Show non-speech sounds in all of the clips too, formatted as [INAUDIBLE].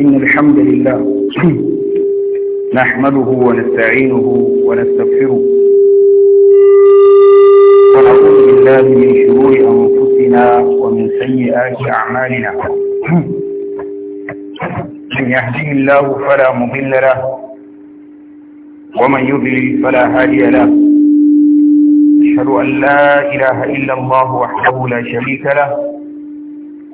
إن الحمد لله [CLEARS THROAT] نحمده ونستعينه ونستغفره ونعوذ بالله من شرور أنفسنا ومن سيئات أعمالنا [CLEARS THROAT] من يهدي الله فلا مضل له ومن يضلل فلا هادي له أشهد أن لا إله إلا الله وحده لا شريك له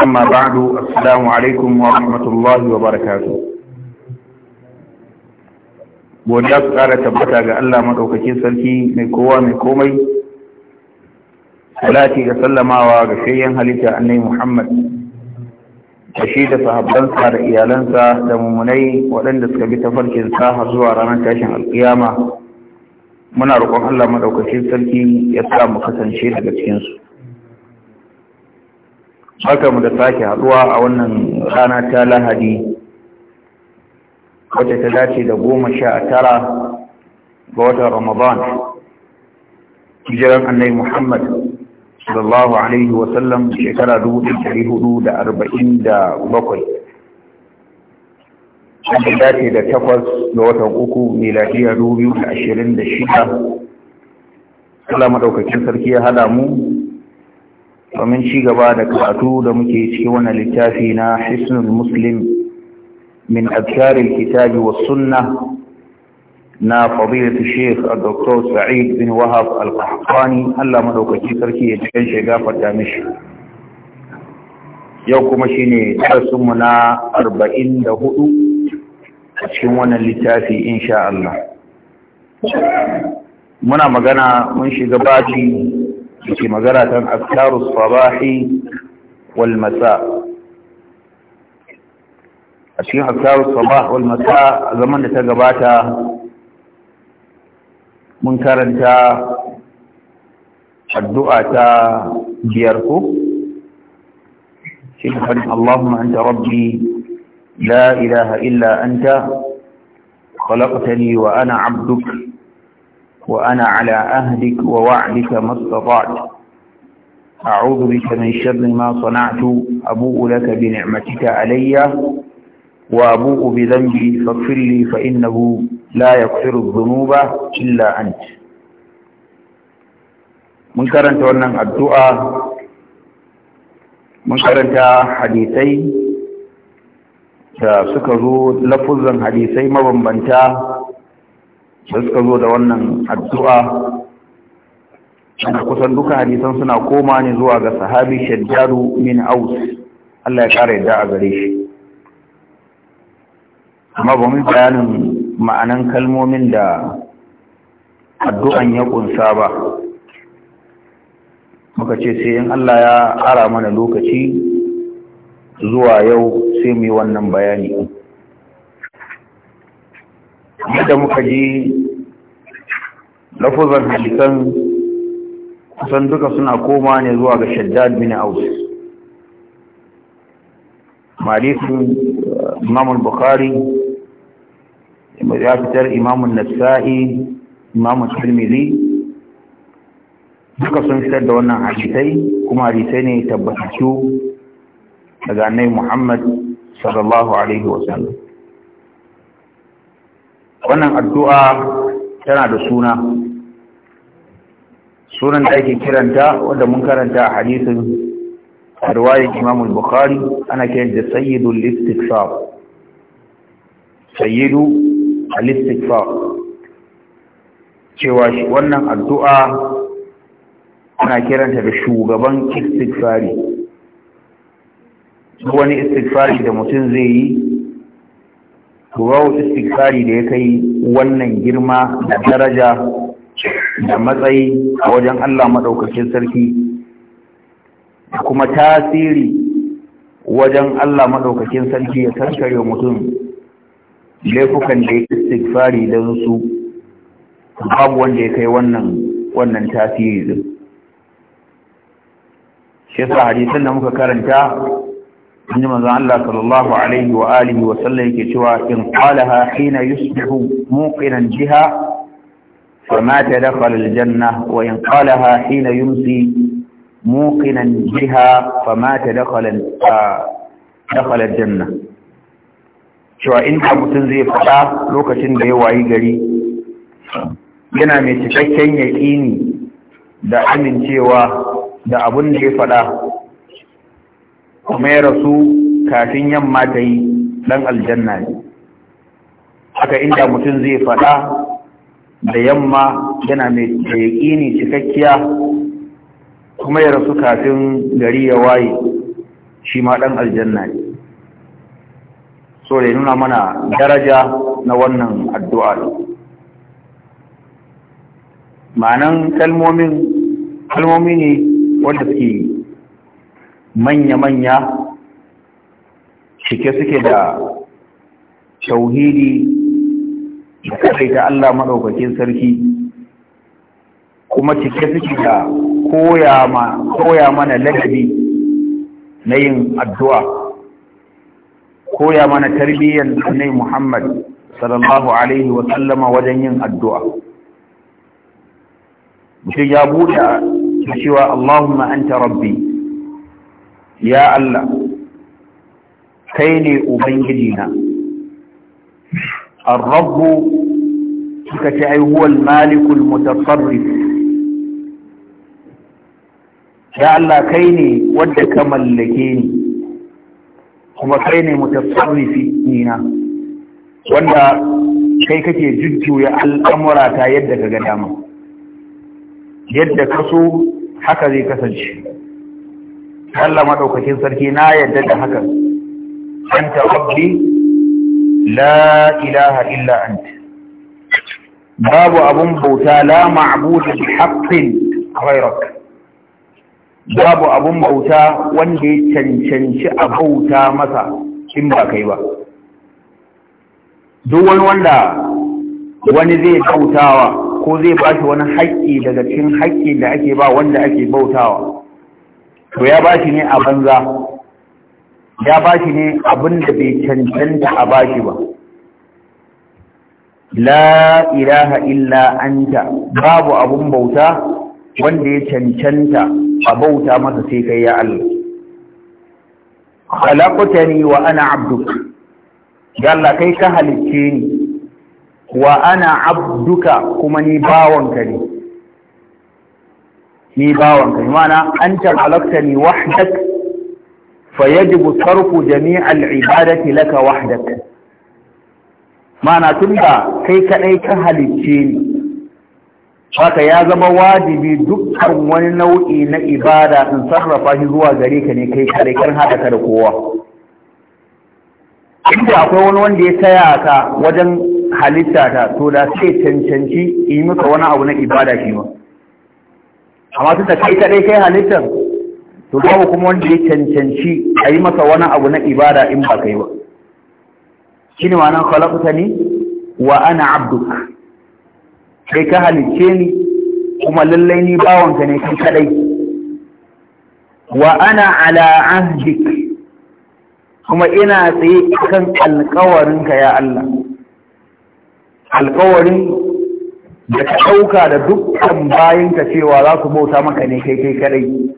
أما بعد السلام عليكم ورحمة الله وبركاته godiya su ƙara tabbata ga Allah maɗaukakin sarki mai kowa mai komai salati ga sallamawa ga shayyan halitta annai Muhammad da shi da sahabbansa da iyalansa da mummunai waɗanda suka bi tafarkin sa har zuwa ranar tashin alƙiyama muna roƙon Allah maɗaukakin sarki ya sa mu kasance daga cikinsu haka mu da sake haduwa a wannan rana ta lahadi wacce ta dace da goma sha tara ga watan ramadan jiran annai muhammad sallallahu alaihi wasallam shekara dubu ɗari hudu da arba'in da bakwai ta dace da takwas ga watan uku miladiya dubu biyu da ashirin da shida Allah maɗaukakin sarki ya haɗa mu domin ci gaba da karatu da muke cikin wannan littafi na hisnul muslim min adkaril kitabi was sunna na fadilatu sheikh dr sa'id bin wahab al-qahtani Allah madaukaki sarki ya cikin shi gafarta mishi yau kuma shine darasin mu na 44 a cikin wannan littafi insha Allah muna magana mun shiga baji yake magana kan azkarus sabahi wal masa a cikin azkarus sabah wal masa zaman da ta gabata mun karanta addu'a ta biyar ko shi ne Allahumma anta rabbi la ilaha illa anta خلقتني وأنا عبدك وأنا على أهلك ووعدك ما استطعت أعوذ بك من شر ما صنعت أبوء لك بنعمتك علي وأبوء بذنبي فاغفر لي فإنه لا يغفر الذنوب إلا أنت من كرنت ونن الدعاء من كرنت حديثين suka لفظا حديثين مبنبنتا da suka zo da wannan addu'a ana kusan duka hadisan suna koma ne zuwa ga sahabi shaddaru min aus Allah ya kara yadda a gare shi amma ba mun bayanin ma'anan kalmomin da addu'an ya kunsa ba muka ce sai in Allah ya ara mana lokaci zuwa yau sai mu yi wannan bayani yadda muka ji lafuzar hadisan kusan duka suna koma ne zuwa ga shaddad bin aus malikin uh, imam bukhari ya fitar imamun nasa'i imamun tirmidhi duka sun fitar da wannan hadisai kuma hadisai ne tabbatattu daga nai, muhammad sallallahu alaihi wasallam wannan addu'a tana da suna sunan da ake kiranta wanda mun karanta a hadisin riwayar Imam al-Bukhari ana kiranta sayyidul istighfar sayyidu al-istighfar cewa wannan addu'a ana kiranta da shugaban istighfari wani istighfari da mutum zai yi to babu istighfari da ya kai wannan girma da daraja da matsayi a wajen Allah maɗaukakin sarki da kuma tasiri wajen Allah maɗaukakin sarki ya tankare mutum laifukan da ya istighfari don su babu wanda ya kai wannan wannan tasiri din shi yasa hadisan da muka karanta inji manzon Allah sallallahu alaihi wa alihi wa sallam yake cewa in qalaha hina yusbihu muqinan biha فمات دخل الجنة وإن قالها حين yumsi موقنا بها فمات دخل دخل الجنة cewa in mutum zai faɗa lokacin da ya wayi gari yana mai cikakken yaƙini da amincewa da abun da ya faɗa kuma ya rasu kafin yamma ta yi dan aljanna ne haka inda mutum zai faɗa da yamma yana mai da yaƙini cikakkiya kuma ya rasu kafin gari ya waye shi ma ɗan aljanna ne so da nuna mana daraja na wannan addu'a ma'anan kalmomin kalmomi ne wanda suke manya-manya cike suke da tauhidi da ta Allah maɗaukakin sarki kuma cike suke da koya mana ladabi na yin addu'a koya mana tarbiyyar nai Muhammad sallallahu Alaihi wasallama wajen yin addu'a. Mutum ya buɗe da cewa Allahumma anta rabbi ya Allah kai ne ubangiji na ar-rabbu kika ce ai huwa al-malikul mutasarrif ya Allah kai ne wanda ka mallake ni kuma kai ne mutasarrifi ni na wanda kai kake jujjuya al'amura ta yadda ka ga dama yadda ka so haka zai kasance Allah maɗaukakin sarki na yadda da hakan anta rabbi la ilaha illa anta babu abun bauta la ma'budu bi haqqin ghayrak babu abun bauta wanda ya cancanci a bauta masa in ba kai ba duk wani wanda wani zai bautawa ko zai ba shi wani haƙƙi daga cikin haƙƙi da ake ba wanda ake bautawa to ya bashi ne a banza ya bashi ne abin da bai cancanta a bashi ba la ilaha illa anta babu abun bauta wanda ya cancanta a bauta masa sai kai ya Allah khalaqtani wa ana abduka ya kai ka halicce ni wa ana abduka kuma ni bawanka ne ni bawan kai mana an tabalakta ni wahdak fa yajibu sarfu jami'al ibadati laka wahdak mana tunda kai kadai ka halicce ni haka ya zama wajibi dukkan wani nau'i na ibada in sarrafa shi zuwa gare ka ne kai kadai kan hada ka da kowa inda akwai wani wanda ya taya ka wajen halitta ta to da sai cancanci yi maka wani abu na ibada shi ma amma tun da kai kaɗai kai halittar to babu kuma wanda ya cancanci a yi masa wani abu na ibada in ba kai ba shi ne ma'anar khalaƙuta ne wa ana abduk kai ka halicce ni kuma lallai ni bawanka ne kai kaɗai wa ana ala ahdik kuma ina tsaye kan alƙawarinka ya Allah alƙawarin da ka ɗauka da dukkan bayanka cewa za su bauta maka ne kai kai kadai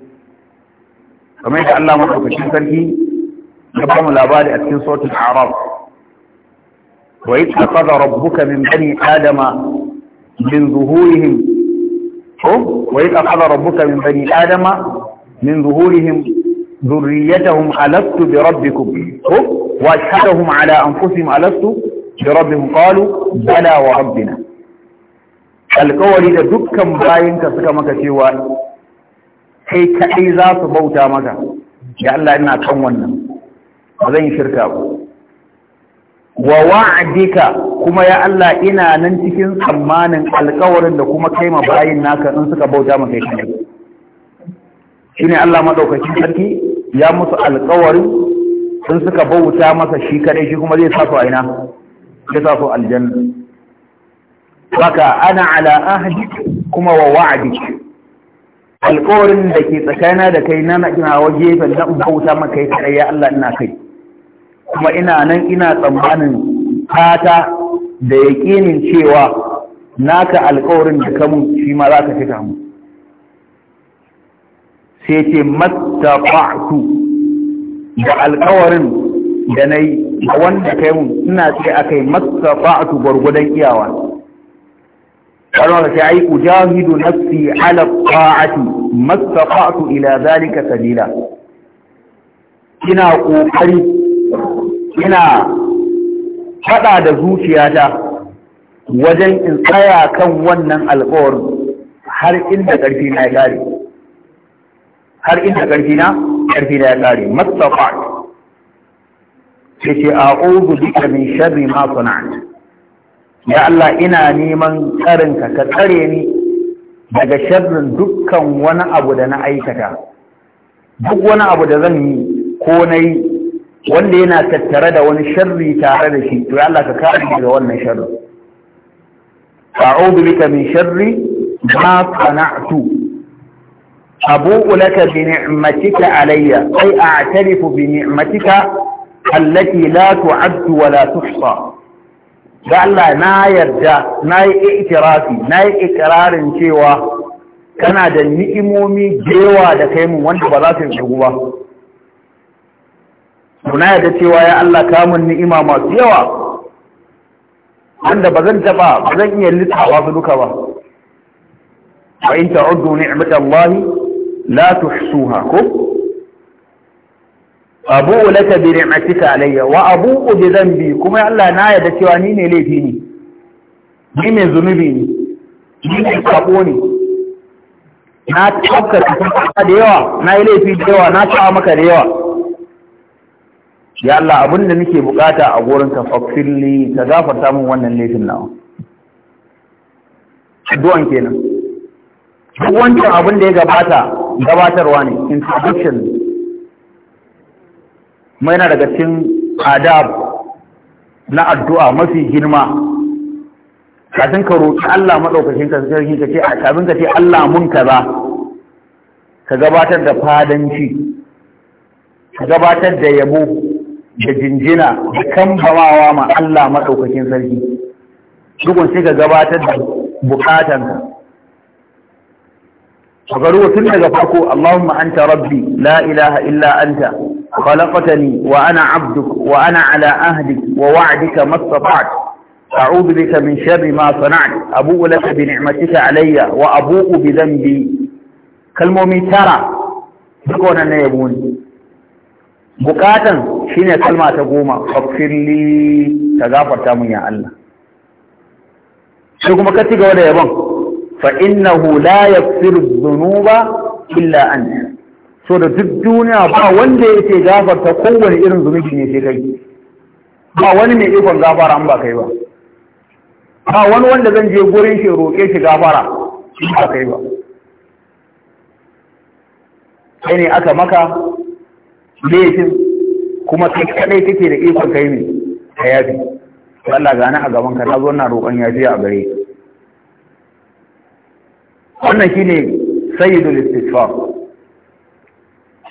kamar yadda Allah maɗaukacin sarki ya ba mu labari a cikin sautin arab wa yi tsakaza rabbuka min bani adama min zuhurihim ko wa yi tsakaza rabbuka min bani adama min zuhurihim zurriyatahum alastu bi rabbikum ko wa ashhadahum ala anfusihim alastu bi rabbihim qalu bala wa rabbina alkawari da dukkan bayinka suka maka cewa kai kaɗai za su bauta maka ya Allah ina kan wannan ba zan shirka ba wa wa'adika kuma ya Allah ina nan cikin tsammanin alkawarin da kuma kai ma bayin naka in suka bauta maka kai shine Allah madaukakin sarki ya musu alkawari in suka bauta masa shi kaɗai shi kuma zai sa su aina ya sa su aljanna baka ana ala ahdi kuma wa wa'adi alƙawarin da ke tsakana da kai na na waje fa na bauta maka yi tsaye Allah ina kai kuma ina nan ina tsammanin fata da yaƙinin cewa naka alƙawarin da kamun shi ma za ka fita mu sai ce da alƙawarin da na yi wanda kai mun ina ce akai mattafa'tu gwargwadon iyawa قالوا أي أجاهد نفسي على الطاعة ما استطعت إلى ذلك سبيلا ina ƙoƙari ina faɗa da zuciyata wajen in tsaya kan wannan alƙawar har inda ƙarfi na ya ƙare har inda ƙarfi na ƙarfi na ya ce a ozu duka min sharri ma sana'at ya Allah ina neman tsarinka ka tsare ni daga sharrin dukkan wani abu da na aikata duk wani abu da zan yi ko na yi wanda yana tattare da wani sharri tare da shi to ya Allah ka kare daga wannan sharri a'udhu bika min sharri ma sana'tu أبوء لك بنعمتك علي أي أعترف بنعمتك التي لا تعد ولا تحصى ga Allah na yarda na yi itirafi na yi ikirarin cewa kana da ni'imomi jewa da kai mun wanda ba za su shigu ba na yarda cewa ya Allah kamun ni'ima masu yawa wanda ba zan taba ba zan iya littawa su duka ba wa in ta'uddu ni'matallahi la tuhsuha ko abu'u laka bi ni'matika alayya wa abu'u bi dhanbi kuma Allah na yarda cewa ni ne laifi ne ni ne zunubi ne ni ne sabo ne na tafka ka da yawa na yi laifi da yawa na ta'a maka da yawa ya Allah abin da nake bukata a gurin ka fakfirli ka gafarta min wannan laifin nawa addu'an kenan duk wancan abin da ya gabata gabatarwa ne introduction kuma yana daga cikin adab na addu'a mafi girma kafin ka roƙi Allah maɗaukacin ka sarki ka ce kafin ka ce Allah mun kaza ka gabatar da fadanci ka gabatar da yabo da jinjina da kambamawa ma Allah maɗaukacin sarki duk sai ka gabatar da ka. a garuwa tun daga farko Allahumma anta rabbi la ilaha illa anta خلقتني وأنا عبدك وأنا على أهدك ووعدك ما استطعت أعوذ بك من شر ما صنعت أبوء لك بنعمتك علي وأبوء بذنبي كالمومي ترى تكون النيبون بكاتا شين كلمة تقوم فاغفر لي تغافر تامن يا الله شكو مكتك ولا يبون فإنه لا يغفر الذنوب إلا أنت so da duk duniya ba wanda yake gafarta kowane irin zunubi ne sai kai ba wani mai ikon gafara an ba kai ba ba wani wanda zan je gurin shi roƙe shi gafara shi ba kai ba kai ne aka maka laifin kuma kai kadai kake da ikon kai ne ka yafi Allah gane a gaban ka na zo na roƙon yafiya a gare wannan shine sayyidul istighfar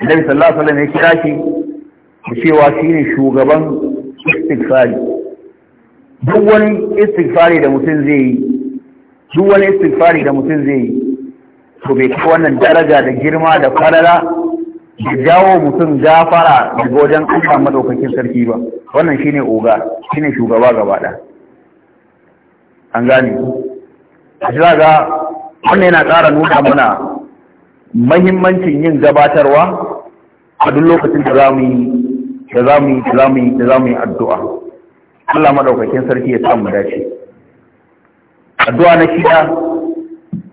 annabi sallallahu alaihi wasallam ya kira shi da cewa shine shugaban istighfari duk wani istighfari da mutum zai yi duk wani istighfari da mutum zai yi to bai kai wannan daraja da girma da farara da jawo mutum gafara daga wajen Allah madaukakin sarki ba wannan shine oga shine shugaba gaba ɗaya an gane a ga wannan yana ƙara nuna mana mahimmancin yin gabatarwa a duk lokacin da za mu yi da za mu yi da za mu yi da za mu yi addu'a Allah madaukakin sarki ya samu dace addu'a na shida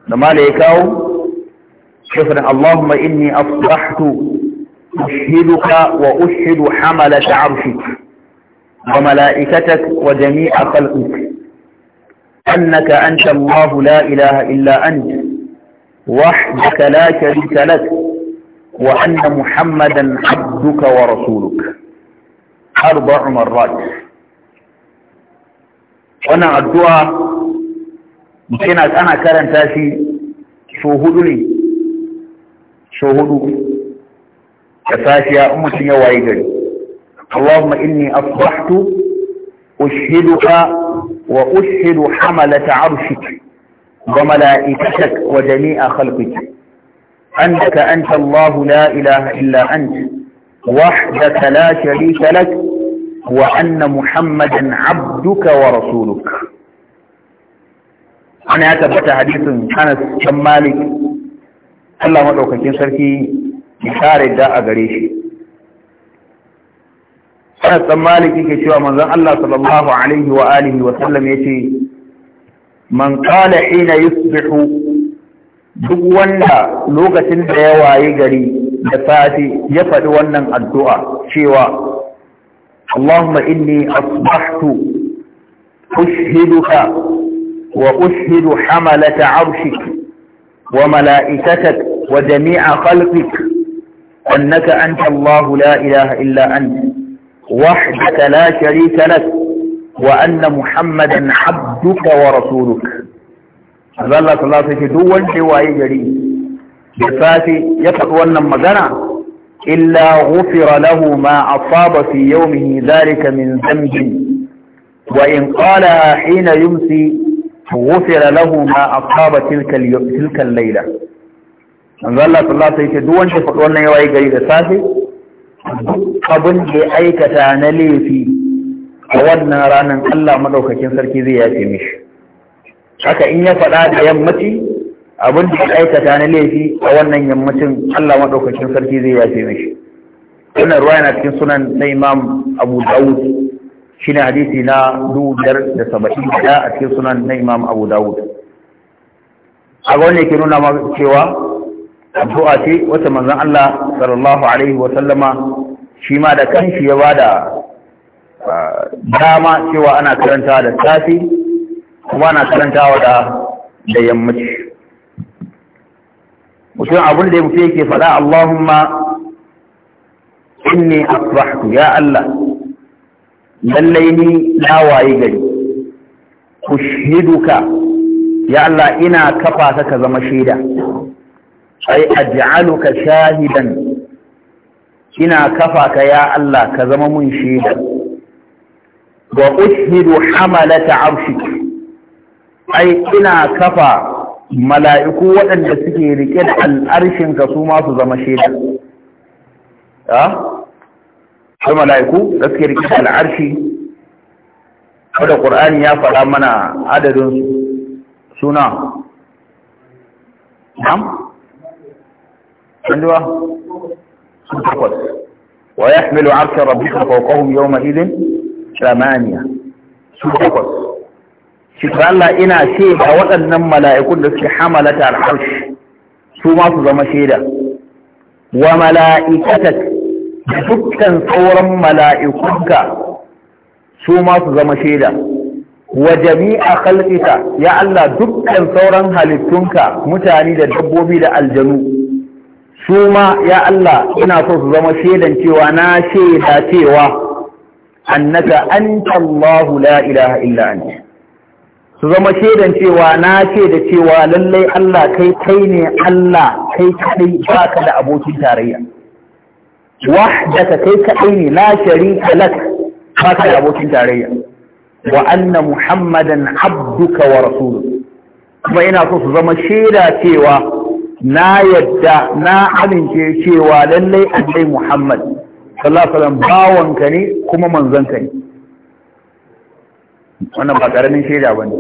da mala ya kawo shifrin Allahumma inni asbahtu أشهدك وأشهد حملة عرشك وملائكتك وجميع خلقك أنك أنت الله لا إله إلا أنت وحدك لا شريك لك وأن محمدا عبدك ورسولك أربع مرات wannan addu'a yana ana karanta shi so hudu ne so hudu da safiya in mutum ya waye gari Allahumma inni asbahtu ushhiduka wa ushhidu hamalata arshik wa mala'ikatak wa jami'a khalqik أنك أنت الله لا إله إلا أنت وحدك لا شريك لك وأن محمدا عبدك ورسولك أنا أتبت حديث أنس بن مالك الله مدوكاكين سركي بشارة داء غريش Anas dan Maliki ke cewa manzon Allah sallallahu alaihi wa alihi wa sallam yace man qala hina yusbihu duk wanda lokacin da ya wayi gari da safe ya faɗi wannan addu'a cewa Allahumma inni asbahtu أشهدك وأشهد حملة عرشك وملائكتك وجميع خلقك أنك أنت الله لا إله إلا أنت وحدك لا شريك لك وأن محمدا عبدك ورسولك Allah sallallahu alaihi wasallam duk wanda waye gari da safe ya faɗi wannan magana illa ghufira lahu ma asaba fi yawmihi dhalika min dhanbi wa in qala hina yumsi ghufira lahu ma asaba tilka tilka al-layla manzo Allah sallallahu alaihi wasallam duk wanda ya faɗi wannan waye gari da safe abin da ya aikata na laifi a wannan ranar Allah madaukakin sarki zai yafe mishi haka in ya faɗa da yammaci abin da ya aikata na laifi a wannan yammacin Allah maɗaukacin sarki zai yafe mishi wannan ruwa yana cikin sunan na imam abu dawud shi ne hadisi na dubu biyar da saba'in da a cikin sunan na imam abu dawud a ga wanda ke nuna ma cewa addu'a ce wata manzon Allah sallallahu alaihi wa sallama shi ma da kanshi ya bada ah, dama cewa ana karanta da safi kuma na karantawa wada da yammaci mutum abin da mutum yake faɗa Allahumma inni asbahtu ya Allah lallai ni lawaye gari ushiduka ya Allah ina kafa ta ka zama shaida ai aj'aluka shahidan ina kafa ka ya Allah ka zama mun shaida wa ushidu hamalata arshik ai ina kafa mala'iku waɗanda suke riƙe da al'arshinka su masu zama shaida sai mala'iku da suke riƙe da al'arshi wadda ƙur'ani ya faɗa mana adadin suna ham? ɗanduwa? su takwas wa ya hamilu arshin rabbi kan fauƙahun yau ma'idin su takwas cikin Allah ina ce waɗannan mala'ikun da suke hamalata al'arshi su ma su zama shaida wa mala'ikatak dukkan sauran mala'ikunka su ma su zama shaida wa jami'a khalqika ya Allah dukkan sauran halittunka mutane da dabbobi da aljanu su ma ya Allah ina so su zama shaidan cewa na shaida cewa annaka anta Allahu la ilaha illa anta su zama shaidan cewa na ce da cewa lallai Allah kai kai ne Allah kai kadai baka da abokin tarayya wahdaka kai kaɗai ne la sharika lak baka da abokin tarayya wa anna muhammadan abduka wa kuma ina so su zama shaida cewa na yadda na amince cewa lallai annai Muhammad sallallahu alaihi wasallam bawanka ne kuma manzanka ne wannan ba ƙaramin shaida ba ne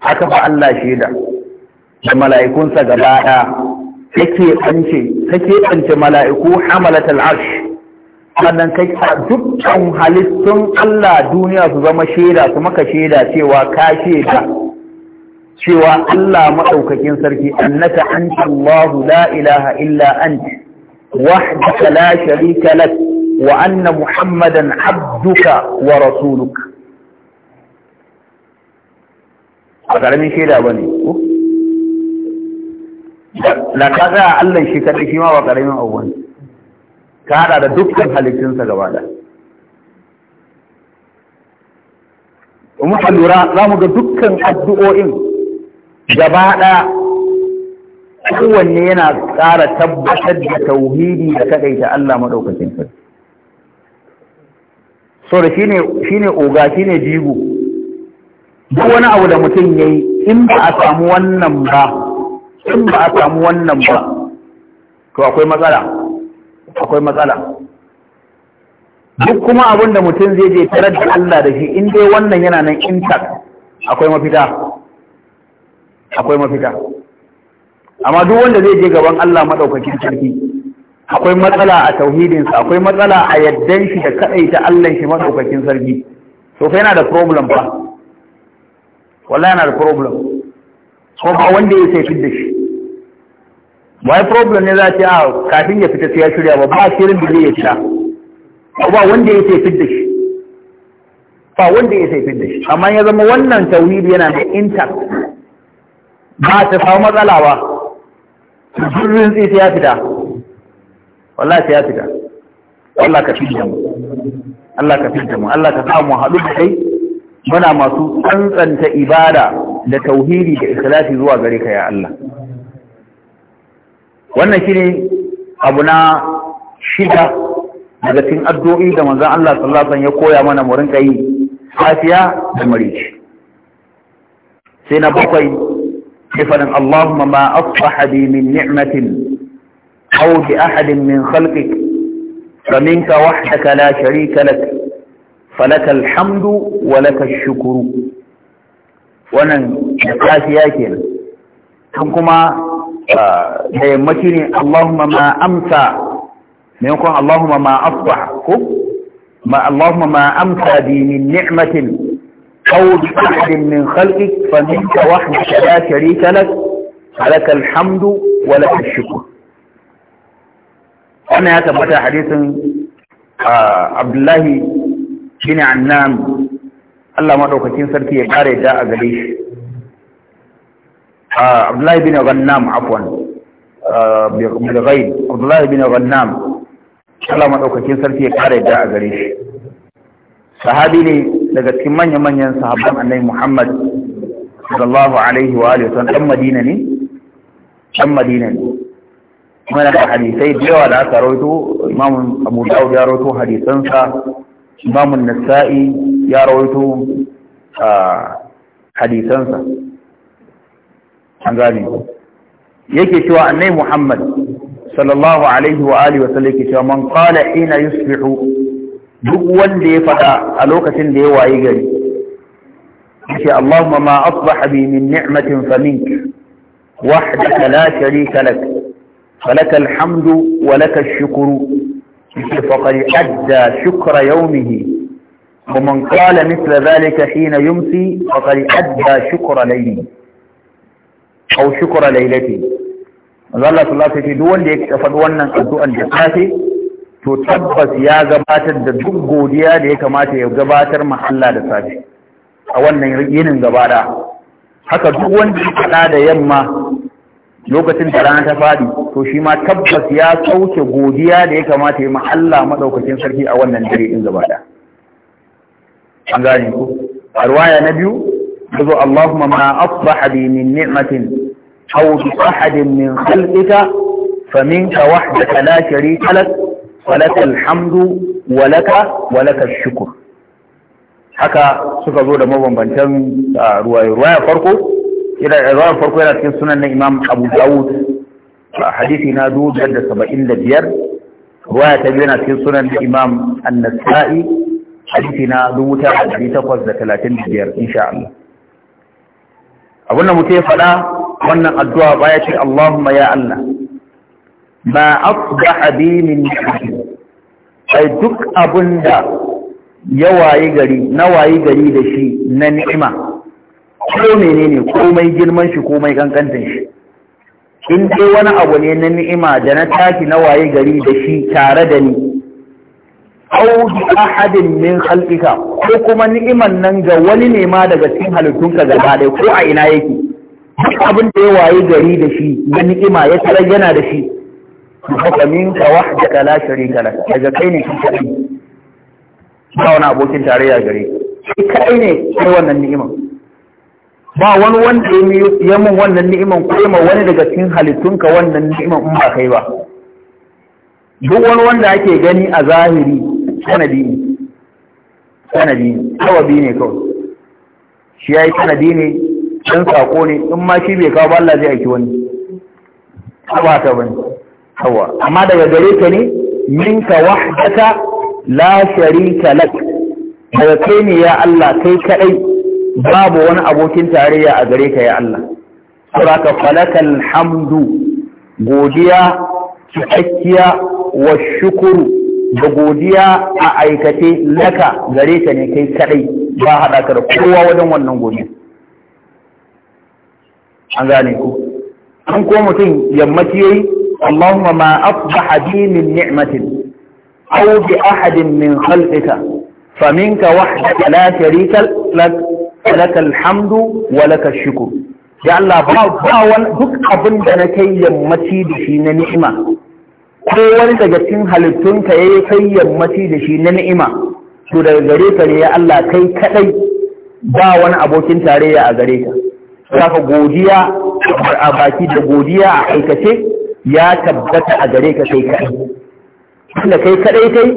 haka ba Allah shaida da mala'ikunsa gaba ɗaya take ɓance take ɓance mala'iku hamalat al'arsh sannan kai a dukkan halittun Allah duniya su zama shaida su maka shaida cewa ka shaida cewa Allah maɗaukakin sarki annaka anta Allahu la ilaha illa anta wahdaka la sharika lak وأن محمدا عبدك ورسولك أكرمين شيء لأباني لكذا ألا شكري شما وكرمين أباني كان هذا دكتور حليكين سجوالا ومحل لرا رامو دكتور أدوئين جبالا هو أن ينا كان تبسد توهيدي لكذا إذا ألا مدوكتين so da shi ne oga shi ne jigo duk wani abu da mutum ya yi in ba a samu wannan ba in ba a samu wannan ba to akwai matsala akwai matsala duk kuma abin da mutum zai je tarar da Allah da shi in dai wannan yana nan intact akwai mafita akwai mafita amma duk wanda zai je gaban Allah madaukakin sarki akwai matsala a tauhidinsa akwai matsala a yaddan shi da kaɗaita Allah shi maɗaukakin sarki to fa yana da problem fa wallahi yana da problem ko ba wanda ya sai fitar da shi wai problem ne za ta a ah, kafin ya fita sai ya shirya ba ba shirin da zai ya fita ko ba wanda ya sai fitar da shi ba wanda ya sai fitar da shi amma ya zama wannan tauhidi yana da intact ba ta samu matsala ba jirgin tsaye ya fita wallahi ya fita Allah ka fita mu Allah ka fita mu Allah ka samu haɗu da kai muna masu tsantsanta ibada da tauhidi da ikhlasi zuwa gare ka ya Allah wannan shine abu na shida daga cikin addu'o'i da manzon Allah sallallahu alaihi wasallam ya koya mana mu rinka yi safiya da marici sai na bakwai sai faɗin Allahumma ma asbaha bi min ni'matin أو بأحد من خلقك فمنك وحدك لا شريك لك فلك الحمد ولك الشكر ونن نقاسياتنا كنكما آه، بيمتني اللهم ما أمسى منكم اللهم ما أصبح ما اللهم ما أمسى بي من نعمة أو بأحد من خلقك فمنك وحدك لا شريك لك فلك الحمد ولك الشكر wannan ya tabbata hadisin abdullahi bin annam Allah maɗaukakin sarki ya ƙara da a gare shi abdullahi bin annam afwan bilghaib abdullahi bin annam Allah maɗaukakin sarki ya ƙara da a gare shi sahabi ne daga cikin manya-manyan sahabban annabi Muhammad sallallahu alaihi wa alihi wasallam dan Madina ne dan Madina ne mana da hadisai da yawa da aka rawaito imam abu dawud ya rawaito hadisansa imam nasa'i ya rawaito hadisansa an gane yake cewa annai muhammad sallallahu alaihi wa alihi wa sallam cewa man qala ina yusbihu duk wanda ya fada a lokacin da ya waye gari yace allahumma ma asbaha bi min ni'matin minka wahdaka la sharika lak falaka alhamdu wa laka shukuru faqad adda shukra yawmihi ومن قال مثل ذلك حين يمسي فقد أدى شكر ليلي أو شكر ليلتي Allah sallallahu alaihi duk wanda ya kafa wannan addu'an da safe to tabbas ya gabatar da duk godiya da ya kamata ya gabatar ma da safe a wannan yinin gabada. haka duk wanda ya fada da yamma lokacin da rana ta faɗi to shi ma tabbas ya sauke godiya da ya kamata ya ma Allah madaukakin sarki a wannan dare din gaba ɗaya an gane ku a ruwaya na biyu ta zo Allahumma ma afba hadi min ni'matin aw bi ahadin min khalqika faminka wahdaka la sharika lak ولك الحمد ولك ولك haka suka zo da mabambantan ah, ruwaya farko ina ruwan farko yana cikin sunan na imam abu dawud a hadithi na dubu biyar da saba'in da biyar ruwaya ta biyu yana cikin sunan na imam annasa'i hadithi na dubu ta, da ɗari takwas da talatin da biyar insha Allah abin da mutum ya faɗa wannan addu'a baya ce Allahumma ya Allah ma asbaha bi min ai duk abin da ya wayi gari na wayi gari da shi na ni'ima ko menene komai girman shi komai kankantan shi in dai wani abu ne na ni'ima da na taki na waye gari da shi tare da ni aw bi ahadin min khalqika ko kuma ni'iman nan ga wani ne ma daga cikin halittun ka gaba dai ko a ina yake duk abin da ya waye gari da shi na ni'ima ya tare yana da shi haka min ka wahdaka la sharika lak daga kai ne kai ba wani abokin tarayya gare kai ne kai wannan ni'iman ba wani wanda ya min wannan ni'iman ko ma wani daga cikin halittunka wannan ni'iman in ba kai ba duk wani wanda ake gani a zahiri sanadi ne sanadi ne sababi ne kawai shi ya yi sanadi ne ɗan saƙo ne in ma shi bai kawo Allah zai aiki wani ba ta bane hawa amma daga gare ka ne minka wahdaka la sharika lak daga kai ne ya Allah kai kadai babu wani abokin tarayya a gare ka ya Allah suraka falakan hamdu godiya cikakkiya wa shukuru da godiya a aikace laka gare ka ne kai kadai ba haɗa da kowa wajen wannan godiya an gane ku an ko mutum yammaci yayi Allahumma ma asbaha bi min ni'matin aw bi ahadin min khalqika faminka wahdaka la sharika lak falakal hamdu wa lakal ya Allah ba ba duk abin da na kai yammaci da shi na ni'ima ko wani daga cikin halittunka ya kai yammaci da shi na ni'ima to daga gare ka ne ya Allah kai kadai ba wani abokin tarayya a gare ka saka godiya a baki da godiya a aikace ya tabbata a gare ka kai kadai tunda kai kadai kai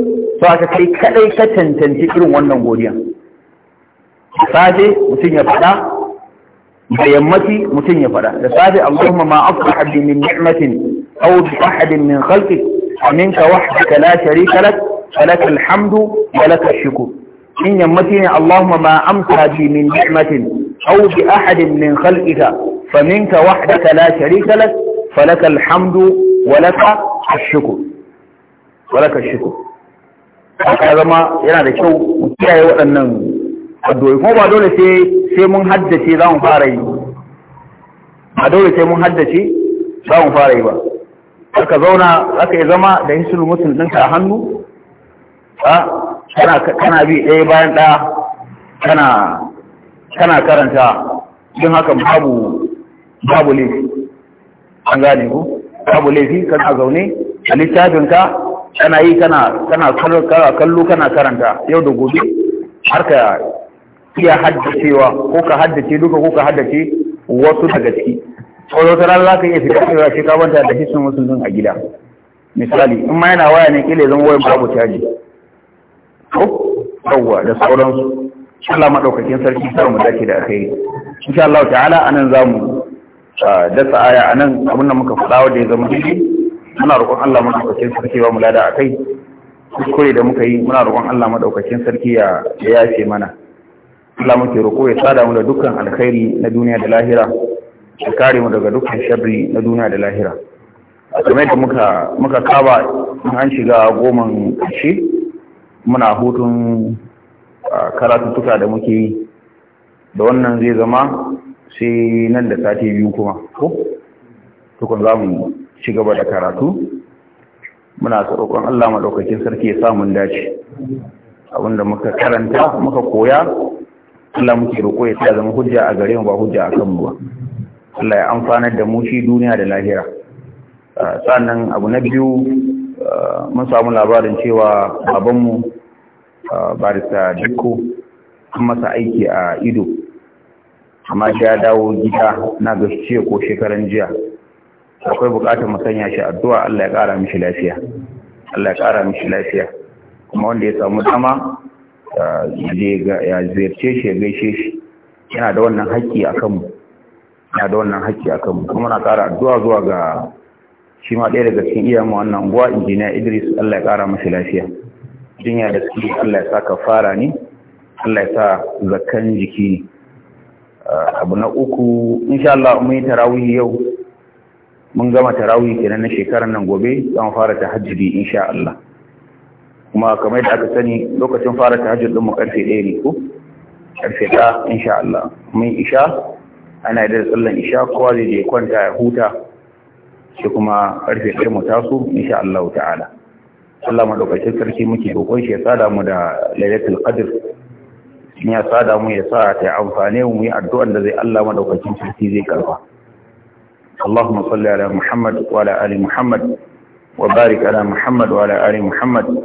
to aka kai kadai ka cancanci irin wannan godiya safe mutum ya faɗa da yammaci mutum ya faɗa da safe Allahumma ma asbaha bi min ni'matin aw bi ahadin min khalqik minka wahdaka la sharika lak falaka alhamdu wa laka shukr in yammaci ne Allahumma ma amsa bi min ni'matin aw bi ahadin min khalqika faminka wahdaka la sharika lak falaka alhamdu wa laka ashkuru wa laka ashkuru haka zama yana da kyau mu kiyaye waɗannan addu'o'i kuma ba dole sai mun haddace za mu fara yi ba dole sai mun haddace za mu fara yi ba aka zauna aka yi zama da hisul mutum ɗinka a hannu kana bi ɗaya bayan ɗaya kana karanta don haka babu babu laifi an gane ku babu laifi kana zaune a littafinka kana yi kana kallo kana karanta yau da gobe har ka iya haddacewa ko ka haddace duka ko ka haddace wasu daga ciki tsoro ta rana za ka iya fita cewa shi ka banta da hisnin musulmin a gida misali in ma yana waya ne kila zan wayan babu caji ko yawwa da sauransu Allah madaukakin sarki sai mu dace da akai insha Allah ta'ala anan zamu dasa aya anan abin da muka faɗa wanda ya zama shi muna roƙon Allah madaukakin sarki ba mu lada akai kuskure da muka yi muna roƙon Allah madaukakin sarki ya yafe mana Allah muke roƙo ya sada mu da dukkan alkhairi na duniya da lahira ya kare mu daga dukkan sharri na duniya da lahira kamar da muka muka kaba an shiga goman ƙarshe muna hutun karatuttuka da muke yi da wannan zai zama sai nan da sati biyu kuma ko tukun za mu ci gaba da karatu muna roƙon Allah maɗaukakin sarki ya sa mun dace abinda muka karanta muka koya Allah muke roƙo ya sa zama hujja a gare mu ba hujja a mu ba Allah ya amfanar da mu shi duniya da lahira ah, sannan abu na biyu ah, mun samu labarin cewa baban mu ah, barista dikko an masa aiki a ido amma shi ya dawo gida na ga shi ko shekaran jiya akwai bukatar mu sanya shi addu'a Allah ya kara mishi lafiya Allah ya kara mishi lafiya kuma wanda ya samu dama ya ziyarce shi ya gaishe shi yana da wannan haƙƙi a kanmu yana da wannan haƙƙi a kanmu kuma na ƙara addu'a zuwa ga shi ma ɗaya daga cikin iyayenmu wannan unguwa injiniya idris allah ya ƙara mashi lafiya jinya da suke allah ya sa ka fara ne allah ya sa zakan jiki ne abu na uku insha allah mun yi tarawihi yau mun gama tarawihi kenan na shekarar nan gobe zan fara tahajjudi insha allah kuma kamar yadda aka sani lokacin fara tahajjud din mu karfe 1 ne ko karfe 1 insha Allah mun isha ana da sallan isha kowa zai je kwanta ya huta shi kuma karfe 1 mu taso insha Allah ta'ala Allah mu daukace sarki muke roƙon shi ya sada mu da Lailatul Qadr ya sada mu ya sa ta amfane mu yi addu'an da zai Allah mu daukakin sarki zai karba Allahumma salli ala Muhammad wa ala ali Muhammad وبارك على محمد وعلى آل محمد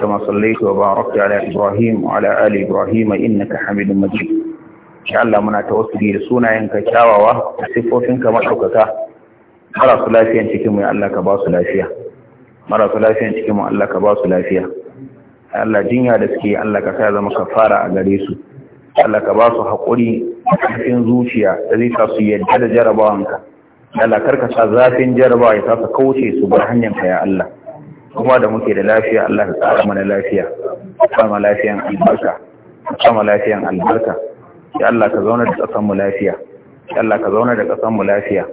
كما صليت وباركت على إبراهيم وعلى آل إبراهيم إنك حميد مجيد يا الله منا توسلي لسونا ينك شاواوا وصفوفنك مدعوكك مرا صلافيا تكيم يا الله كباس لافيا مرا صلافيا تكيم يا الله كباس لافيا يا الله جنيا دسكي الله كسادة مكفارة أغريسو Allah ka ba su haƙuri cikin zuciya da zai sa su yadda da jarabawanka. Allah karka sa zafin jarabawa ya sa su kauce su bar hanyarka ya Allah. kuma da muke da lafiya Allah ya kara mana lafiya sama lafiyan albarka sama lafiyan albarka ya Allah ka zauna da kasan mu lafiya ya Allah ka zauna da kasan mu lafiya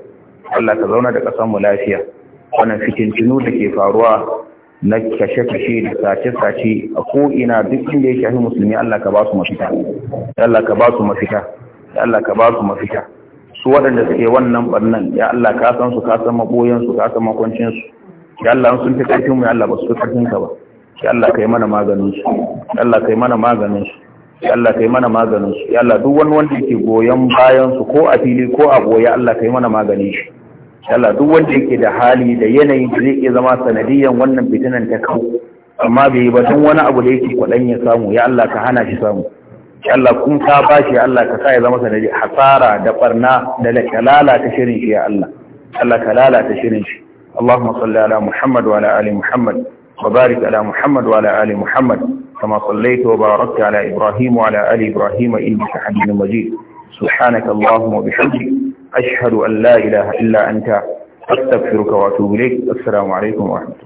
Allah ka zauna da kasan mu lafiya wannan fitin tunu da ke faruwa na kashe-kashe da sace-sace a ko'ina duk inda ya shafi musulmi Allah ka ba su mafita Ya Allah ka ba su mafita Ya Allah ka ba su mafita su waɗanda suke wannan ɓarnan ya Allah ka san su ka san su ka san makwancinsu ya Allah sun fi karfin mu ya Allah ba su fi ƙarfin ka ba ya Allah kai mana maganin shi ya Allah kai mana maganin shi ya Allah kai mana maganin shi ya Allah duk wani wanda yake goyon bayan su ko a fili ko a goye Allah kai mana maganin shi ya Allah duk wanda yake da hali da yanayi da zai iya zama sanadiyan wannan fitinan ta kau amma bai yi ba don wani abu da yake kwaɗan ya samu ya Allah ka hana shi samu ya Allah kun ka ba shi Allah ka sa ya zama sanadi hasara da barna da lalata shirin shi ya Allah Allah ka lalata shirin shi اللهم صل على محمد وعلى آل محمد وبارك على محمد وعلى آل محمد كما صليت وباركت على إبراهيم وعلى آل إبراهيم إنك حميد مجيد سبحانك اللهم وبحمدك أشهد أن لا إله إلا أنت أستغفرك وأتوب إليك السلام عليكم ورحمة الله